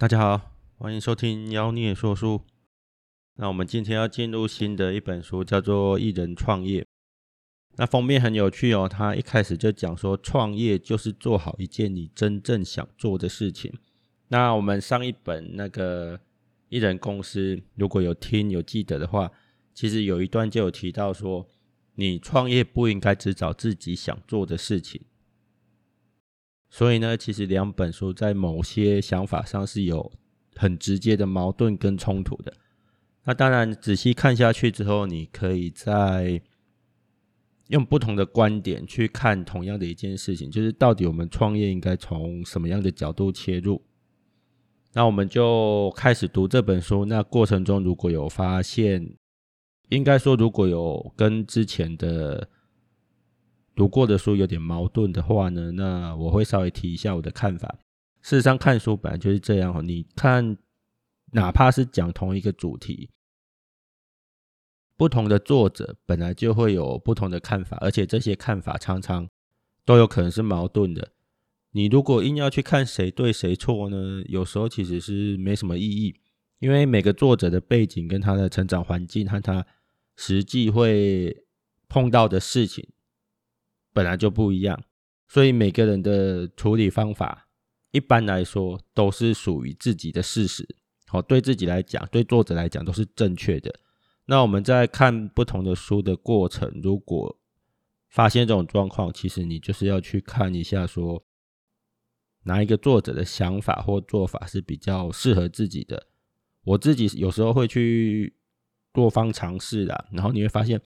大家好，歡迎收聽妖孽說書。那我們今天要進入新的一本書，叫做《一人創業》。那封面很有趣哦，他一開始就講說，創業就是做好一件你真正想做的事情。那我們上一本那個《一人公司》，如果有聽有記得的話，其實有一段就有提到說，你創業不應該只找自己想做的事情。所以呢，其實兩本書在某些想法上是有很直接的矛盾跟衝突的。那當然，仔細看下去之後，你可以再用不同的觀點去看同樣的一件事情，就是到底我們創業應該從什麼樣的角度切入。那我們就開始讀這本書，那過程中如果有發現，應該說如果有跟之前的。讀過的書有點矛盾的話呢，那我會稍微提一下我的看法。事實上，看書本來就是這樣，你看，哪怕是講同一個主題，不同的作者本來就會有不同的看法，而且這些看法常常都有可能是矛盾的。你如果硬要去看誰對誰錯呢？有時候其實是沒什麼意義，因為每個作者的背景跟他的成長環境和他實際會碰到的事情。本來就不一樣，所以每個人的處理方法，一般來說都是屬於自己的事實。好，對自己來講，對作者來講都是正確的。那我們在看不同的書的過程，如果發現這種狀況，其實你就是要去看一下，說哪一個作者的想法或做法是比較適合自己的。我自己有時候會去多方嘗試啦，然後你會發現。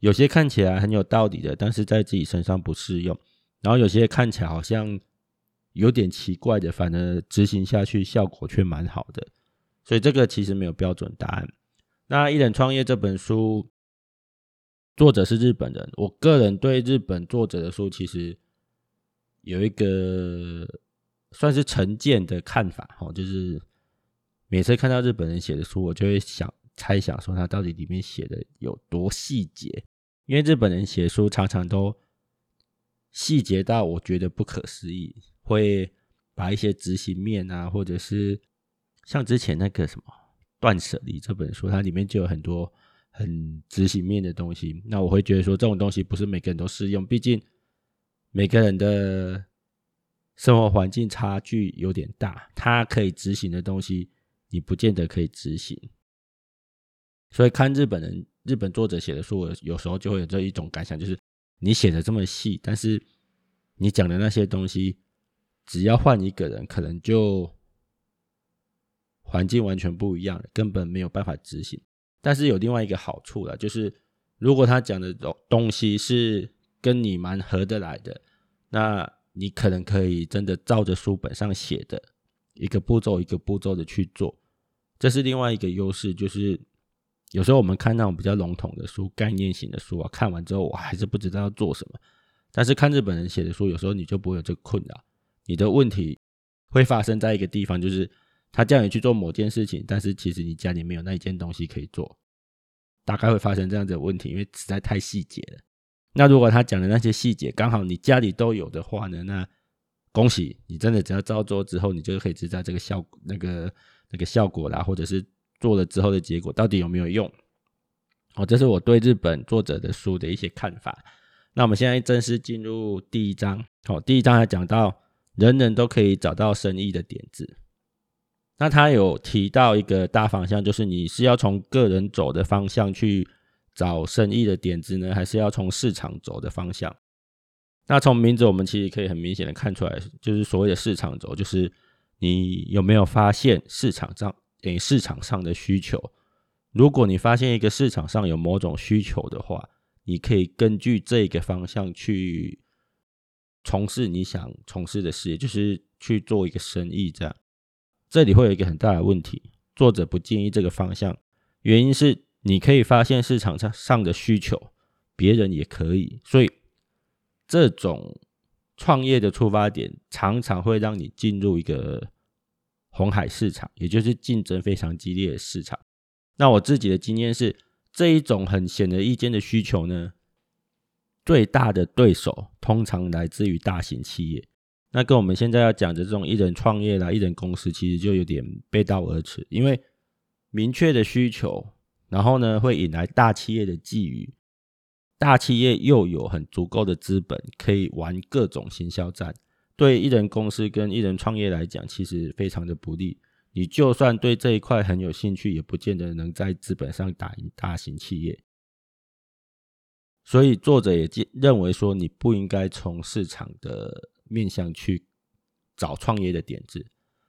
有些看起來很有道理的，但是在自己身上不適用；然後有些看起來好像有點奇怪的，反而執行下去效果卻蠻好的。所以這個其實沒有標準答案。那《一人創業》這本書作者是日本人，我個人對日本作者的書其實有一個算是成見的看法，哈，就是每次看到日本人寫的書，我就會想猜想說他到底裡面寫的有多細節。因為日本人寫書常常都細節到我覺得不可思議，會把一些執行面啊，或者是像之前那個什麼《斷捨離》這本書，它裡面就有很多很執行面的東西。那我會覺得說，這種東西不是每個人都適用，畢竟每個人的生活環境差距有點大，他可以執行的東西，你不見得可以執行。所以看日本人。日本作者寫的書，我有時候就會有這一種感想，就是你寫的這麼細，但是你講的那些東西，只要換一個人，可能就環境完全不一樣了，根本沒有辦法執行。但是有另外一個好處了，就是如果他講的東西是跟你蠻合得來的，那你可能可以真的照着書本上寫的，一個步驟一個步驟的去做，這是另外一個優勢，就是。有時候我們看那種比較籠統的書、概念型的書啊，看完之後我還是不知道要做什麼。但是看日本人寫的書，有時候你就不會有這個困擾。你的問題會發生在一個地方，就是他叫你去做某件事情，但是其實你家裡沒有那一件東西可以做，大概會發生這樣子的問題，因為實在太細節了。那如果他講的那些細節剛好你家裡都有的話呢？那恭喜你，真的只要照做之後，你就可以知道這個效，那個，那個效果啦，或者是。做了之後的結果到底有沒有用？哦，這是我對日本作者的書的一些看法。那我們現在正式進入第一章。好，第一章還講到人人都可以找到生意的點子。那他有提到一個大方向，就是你是要從個人走的方向去找生意的點子呢，還是要從市場走的方向？那從名字我們其實可以很明顯的看出來，就是所謂的市場走，就是你有沒有發現市場上。等於市場上的需求，如果你發現一個市場上有某種需求的話，你可以根據這個方向去從事你想從事的事業，就是去做一個生意這樣。這裡會有一個很大的問題，作者不建議這個方向，原因是你可以發現市場上上的需求，別人也可以，所以這種創業的出發點常常會讓你進入一個。紅海市場，也就是競爭非常激烈的市場。那我自己的經驗是，這一種很顯而易見的需求呢，最大的對手通常來自於大型企業。那跟我們現在要講的這種一人創業啦、一人公司，其實就有點背道而馳。因為明確的需求，然後呢，會引來大企業的覬覦。大企業又有很足夠的資本，可以玩各種行銷戰。對一人公司跟一人創業來講，其實非常的不利。你就算對這一塊很有興趣，也不見得能在資本上打贏大型企業。所以作者也認為說，你不應該從市場的面向去找創業的點子。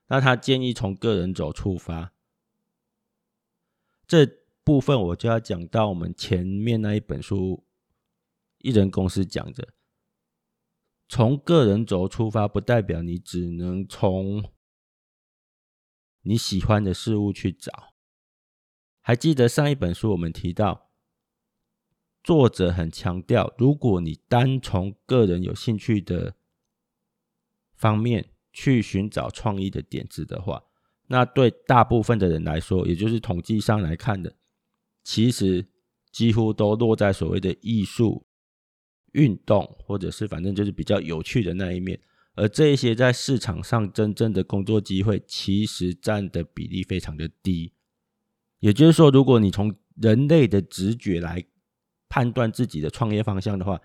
那他建議從個人走出發，這部分我就要講到我們前面那一本書《一人公司》講的。從個人軸出發，不代表你只能從你喜歡的事物去找。還記得上一本書我們提到，作者很強調，如果你單從個人有興趣的方面去尋找創意的點子的話，那對大部分的人來說，也就是統計上來看的，其實幾乎都落在所謂的藝術。運動，或者是反正就是比較有趣的那一面，而這一些在市場上真正的工作機會，其實佔的比例非常的低。也就是說，如果你從人類的直覺來判斷自己的創業方向的話，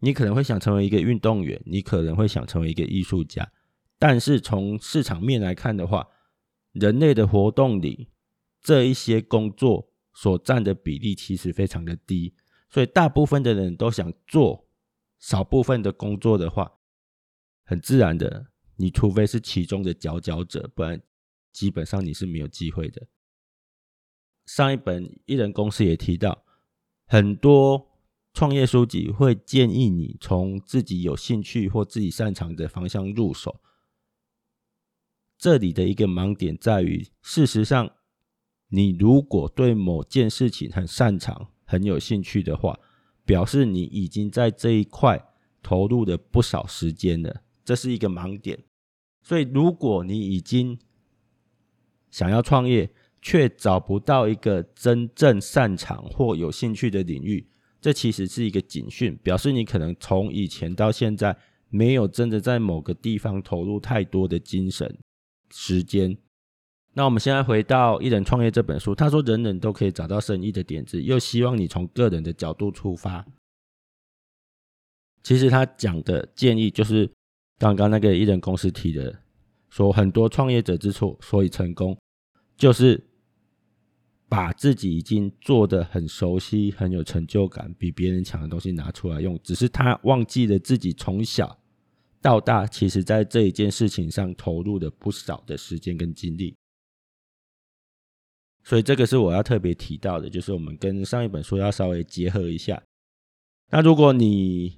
你可能會想成為一個運動員，你可能會想成為一個藝術家，但是從市場面來看的話，人類的活動裡這一些工作所佔的比例其實非常的低。所以大部分的人都想做少部分的工作的話，很自然的，你除非是其中的佼佼者，不然基本上你是沒有機會的。上一本一人公司也提到，很多創業書籍會建議你從自己有興趣或自己擅長的方向入手。這裡的一個盲點在於，事實上，你如果對某件事情很擅長，很有興趣的話，表示你已經在這一塊投入了不少時間了，這是一個盲點。所以，如果你已經想要創業，卻找不到一個真正擅長或有興趣的領域，這其實是一個警訊，表示你可能從以前到現在沒有真的在某個地方投入太多的精神時間。那我們現在回到《一人創業》這本書，他說人人都可以找到生意的點子，又希望你從個人的角度出發。其實他講的建議就是剛剛那個一人公司提的，說很多創業者之所以成功，就是把自己已經做得很熟悉、很有成就感、比別人強的東西拿出來用，只是他忘記了自己從小到大，其實在這一件事情上投入了不少的時間跟精力。所以這個是我要特別提到的，就是我們跟上一本書要稍微結合一下。那如果你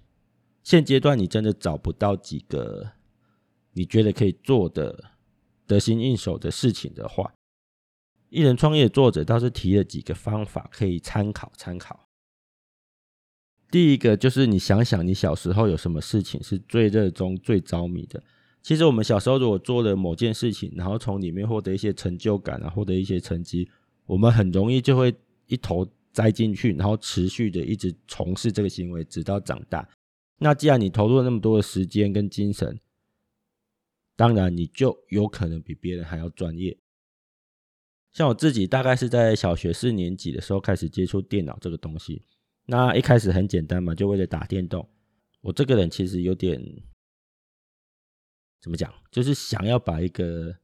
現階段你真的找不到幾個你覺得可以做的得心應手的事情的話，一人創業作者倒是提了幾個方法可以參考參考。第一個就是你想想你小時候有什麼事情是最熱衷、最着迷的。其實我們小時候如果做了某件事情，然後從裡面獲得一些成就感啊，獲得一些成績。我們很容易就會一頭栽進去，然後持續的一直從事這個行為，直到長大。那既然你投入了那麼多的時間跟精神，當然你就有可能比別人還要專業。像我自己大概是在小學四年級的時候開始接觸電腦這個東西。那一開始很簡單嘛，就為了打電動。我這個人其實有點，怎麼講，就是想要把一個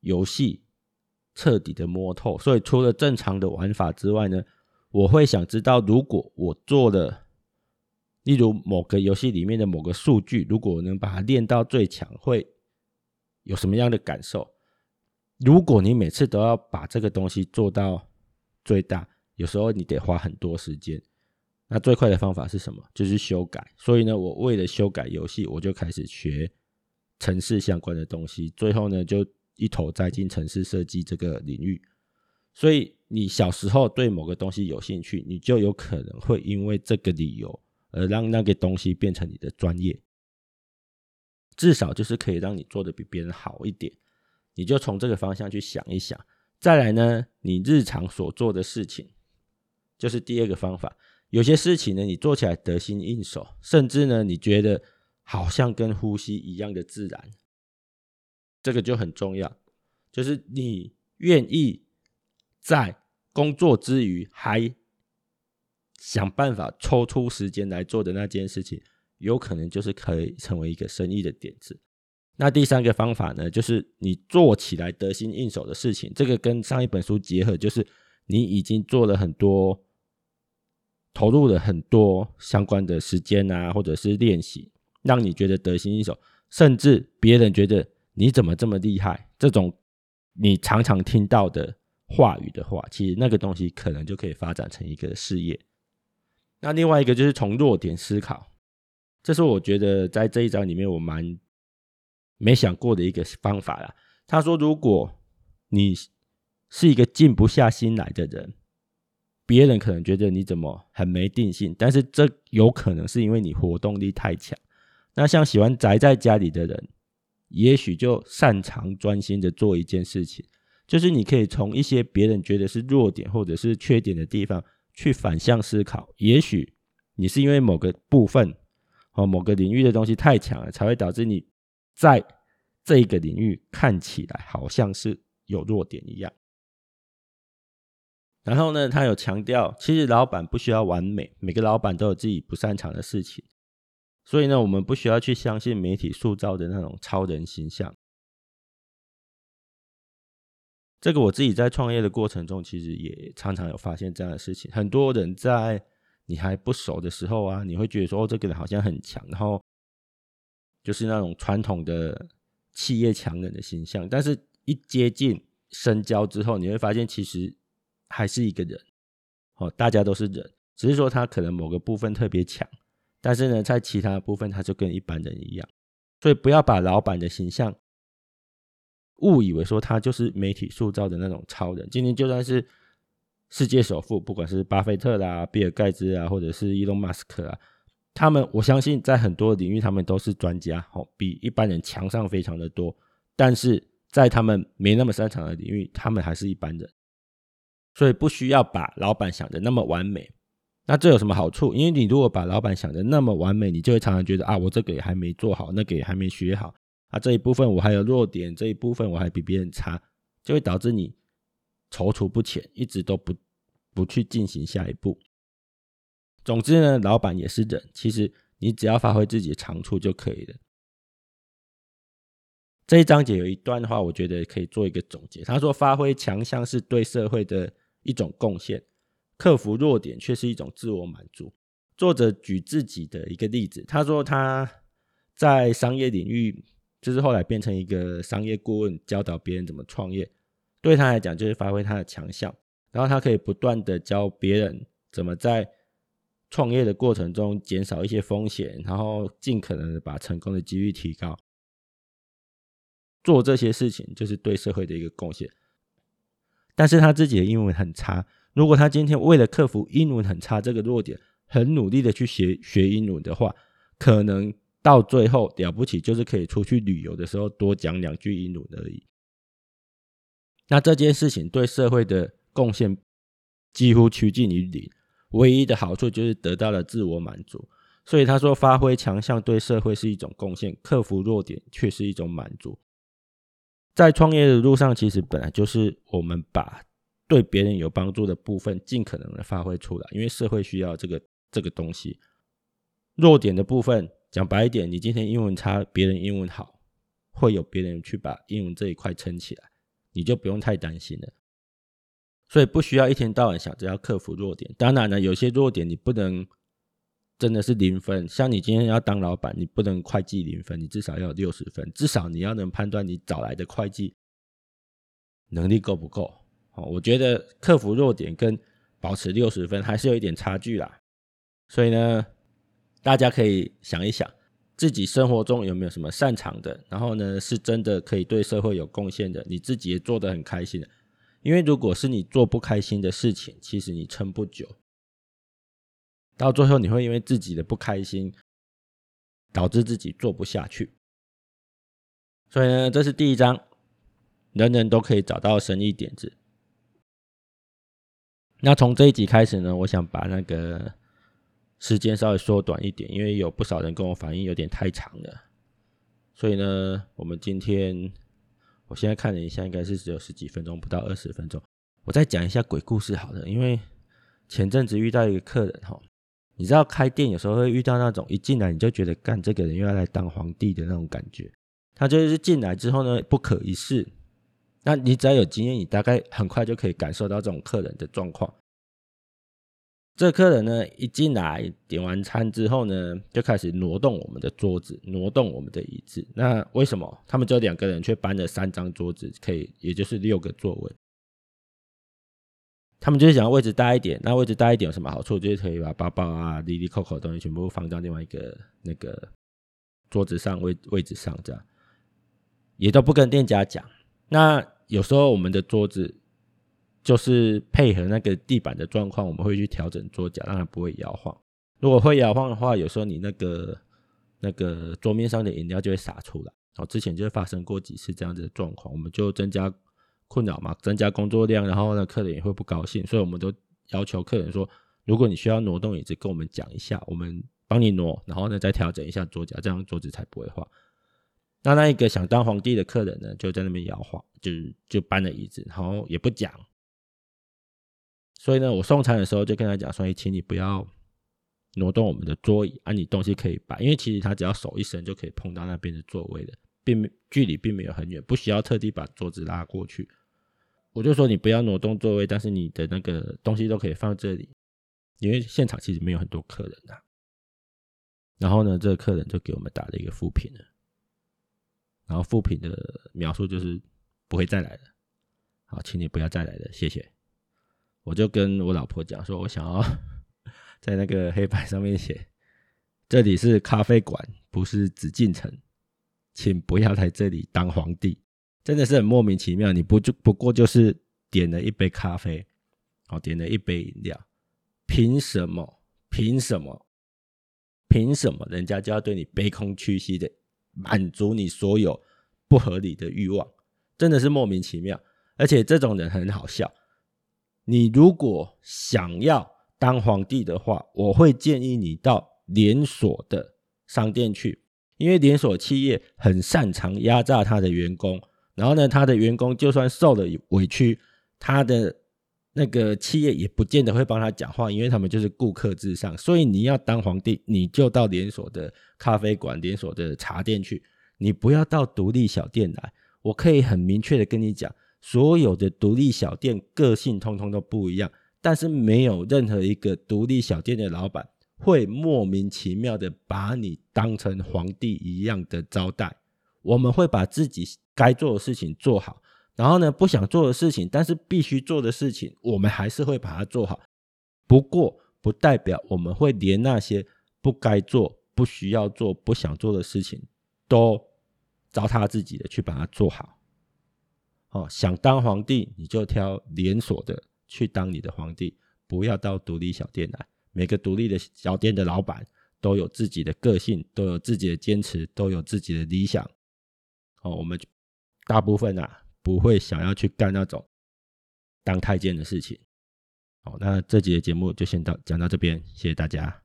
遊戲。徹底的摸透，所以除了正常的玩法之外呢，我會想知道，如果我做的，例如某個遊戲裡面的某個數據，如果能把它練到最強，會有什麼樣的感受？如果你每次都要把這個東西做到最大，有時候你得花很多時間。那最快的方法是什麼？就是修改。所以呢，我為了修改遊戲，我就開始學程式相關的東西，最後呢，就。一頭栽進城市設計這個領域，所以你小時候對某個東西有興趣，你就有可能會因為這個理由而讓那個東西變成你的專業，至少就是可以讓你做得比別人好一點。你就從這個方向去想一想。再來呢，你日常所做的事情，就是第二個方法。有些事情呢，你做起來得心應手，甚至呢，你覺得好像跟呼吸一樣的自然。這個就很重要，就是你願意在工作之餘，還想辦法抽出時間來做的那件事情，有可能就是可以成為一個生意的點子。那第三個方法呢，就是你做起來得心應手的事情。這個跟上一本書結合，就是你已經做了很多，投入了很多相關的時間啊，或者是練習，讓你覺得得心應手，甚至別人覺得。你怎麼這麼厲害？這種你常常聽到的話語的話，其實那個東西可能就可以發展成一個事業。那另外一個就是從弱點思考，這是我覺得在這一章裡面我蠻沒想過的一個方法啦。他說，如果你是一個靜不下心來的人，別人可能覺得你怎麼很沒定性，但是這有可能是因為你活動力太強。那像喜歡宅在家裡的人。也許就擅長專心的做一件事情，就是你可以從一些別人覺得是弱點或者是缺點的地方去反向思考。也許你是因為某個部分或某個領域的東西太強了，才會導致你在這個領域看起來好像是有弱點一樣。然後呢，他有強調，其實老闆不需要完美，每個老闆都有自己不擅長的事情。所以呢，我們不需要去相信媒體塑造的那種超人形象。這個我自己在創業的過程中，其實也常常有發現這樣的事情。很多人在你還不熟的時候啊，你會覺得說，哦，這個人好像很強，然後就是那種傳統的企業強人的形象。但是，一接近深交之後，你會發現其實還是一個人。哦，大家都是人，只是說他可能某個部分特別強。但是呢，在其他部分，他就跟一般人一樣，所以不要把老闆的形象誤以為說他就是媒體塑造的那種超人。今天就算是世界首富，不管是巴菲特啦、比爾蓋茨啊，或者是伊隆馬斯克啊，他們我相信在很多領域他們都是專家，好、哦，比一般人強上非常的多。但是在他們沒那麼擅長的領域，他們還是一般人，所以不需要把老闆想得那麼完美。那這有什麼好處？因為你如果把老闆想的那麼完美，你就會常常覺得啊，我這個也還沒做好，那個也還沒學好，啊，這一部分我還有弱點，這一部分我還比別人差，就會導致你躊躇不前，一直都不不去進行下一步。總之呢，老闆也是人，其實你只要發揮自己的長處就可以了。這一章節有一段的話，我覺得可以做一個總結。他說，發揮強項是對社會的一種貢獻。克服弱點，卻是一種自我滿足。作者舉自己的一個例子，他說他在商業領域，就是後來變成一個商業顧問，教導別人怎麼創業。對他來講，就是發揮他的強項，然後他可以不斷的教別人怎麼在創業的過程中減少一些風險，然後盡可能的把成功的幾率提高。做這些事情，就是對社會的一個貢獻。但是他自己的英文很差。如果他今天為了克服英文很差這個弱點，很努力的去學學英文的話，可能到最後了不起就是可以出去旅遊的時候多講兩句英文而已。那這件事情對社會的貢獻幾乎趨近於零，唯一的好處就是得到了自我滿足。所以他說，發揮強項對社會是一種貢獻，克服弱點卻是一種滿足。在創業的路上，其實本來就是我們把對別人有幫助的部分，盡可能的發揮出來，因為社會需要這個這個東西。弱點的部分，講白一點，你今天英文差，別人英文好，會有別人去把英文這一塊撐起來，你就不用太擔心了。所以不需要一天到晚想着要克服弱點。當然了，有些弱點你不能真的是零分，像你今天要當老闆，你不能會計零分，你至少要有六十分，至少你要能判斷你找來的會計能力夠不夠。我覺得克服弱點跟保持六十分還是有一點差距啦，所以呢，大家可以想一想自己生活中有沒有什麼擅長的，然後呢，是真的可以對社會有貢獻的，你自己也做得很開心的。因為如果是你做不開心的事情，其實你撐不久，到最後你會因為自己的不開心導致自己做不下去。所以呢，這是第一章，人人都可以找到生意點子。那從這一集開始呢，我想把那個時間稍微縮短一點，因為有不少人跟我反應有點太長了，所以呢，我們今天我現在看了一下，應該是只有十幾分鐘，不到二十分鐘。我再講一下鬼故事好了，因為前陣子遇到一個客人哈，你知道開店有時候會遇到那種一進來你就覺得幹這個人又要來當皇帝的那種感覺，他就是進來之後呢，不可一世。那你只要有經驗，你大概很快就可以感受到這種客人的狀況。這個客人呢，一進來點完餐之後呢，就開始挪動我們的桌子，挪動我們的椅子。那為什麼他們只有兩個人卻搬了三張桌子，可以也就是六個座位？他們就是想要位置大一點。那位置大一點有什麼好處？就是可以把包包啊、哩哩扣扣的東西全部放到另外一個那個桌子上位位置上，這樣也都不跟店家講。那有時候我們的桌子就是配合那個地板的狀況，我們會去調整桌腳，讓它不會搖晃。如果會搖晃的話，有時候你那個那個桌面上的飲料就會灑出來。哦，之前就發生過幾次這樣子的狀況，我們就增加困擾嘛，增加工作量，然後呢，客人也會不高興，所以我們都要求客人說，如果你需要挪動椅子，跟我們講一下，我們幫你挪，然後呢再調整一下桌腳，這樣桌子才不會晃。那那一個想當皇帝的客人呢，就在那邊搖晃，就就搬了椅子，然後也不講。所以呢，我送餐的時候就跟他講說：“請你不要挪動我們的桌椅啊，你東西可以擺，因為其實他只要手一伸就可以碰到那邊的座位了，並距離並沒有很遠，不需要特地把桌子拉過去。”我就說：“你不要挪動座位，但是你的那個東西都可以放這裡，因為現場其實沒有很多客人啊。”然後呢，這個客人就給我們打了一個負評了。然後負評的描述就是不會再來了，好，請你不要再來了，謝謝。我就跟我老婆講說，我想要在那個黑板上面寫，這裡是咖啡館，不是紫禁城，請不要來這裡當皇帝。真的是很莫名其妙，你不就不過就是點了一杯咖啡，好，點了一杯飲料，憑什麼？憑什麼？憑什麼？人家就要對你卑躬屈膝的？滿足你所有不合理的慾望，真的是莫名其妙。而且這種人很好笑。你如果想要當皇帝的話，我會建議你到連鎖的商店去，因為連鎖企業很擅長壓榨他的員工。然後呢，他的員工就算受了委屈，他的。那個企業也不見得會幫他講話，因為他們就是顧客至上。所以你要當皇帝，你就到連鎖的咖啡館、連鎖的茶店去，你不要到獨立小店來。我可以很明確的跟你講，所有的獨立小店個性通通都不一樣，但是沒有任何一個獨立小店的老闆會莫名其妙的把你當成皇帝一樣的招待。我們會把自己該做的事情做好。然後呢，不想做的事情，但是必須做的事情，我們還是會把它做好。不過，不代表我們會連那些不該做、不需要做、不想做的事情，都糟蹋自己的去把它做好。哦，想當皇帝，你就挑連鎖的去當你的皇帝，不要到獨立小店來。每個獨立的小店的老闆都有自己的個性，都有自己的堅持，都有自己的理想。哦，我們大部分啊。不會想要去幹那種當太監的事情。好，那這集的節目就先到講到這邊，謝謝大家。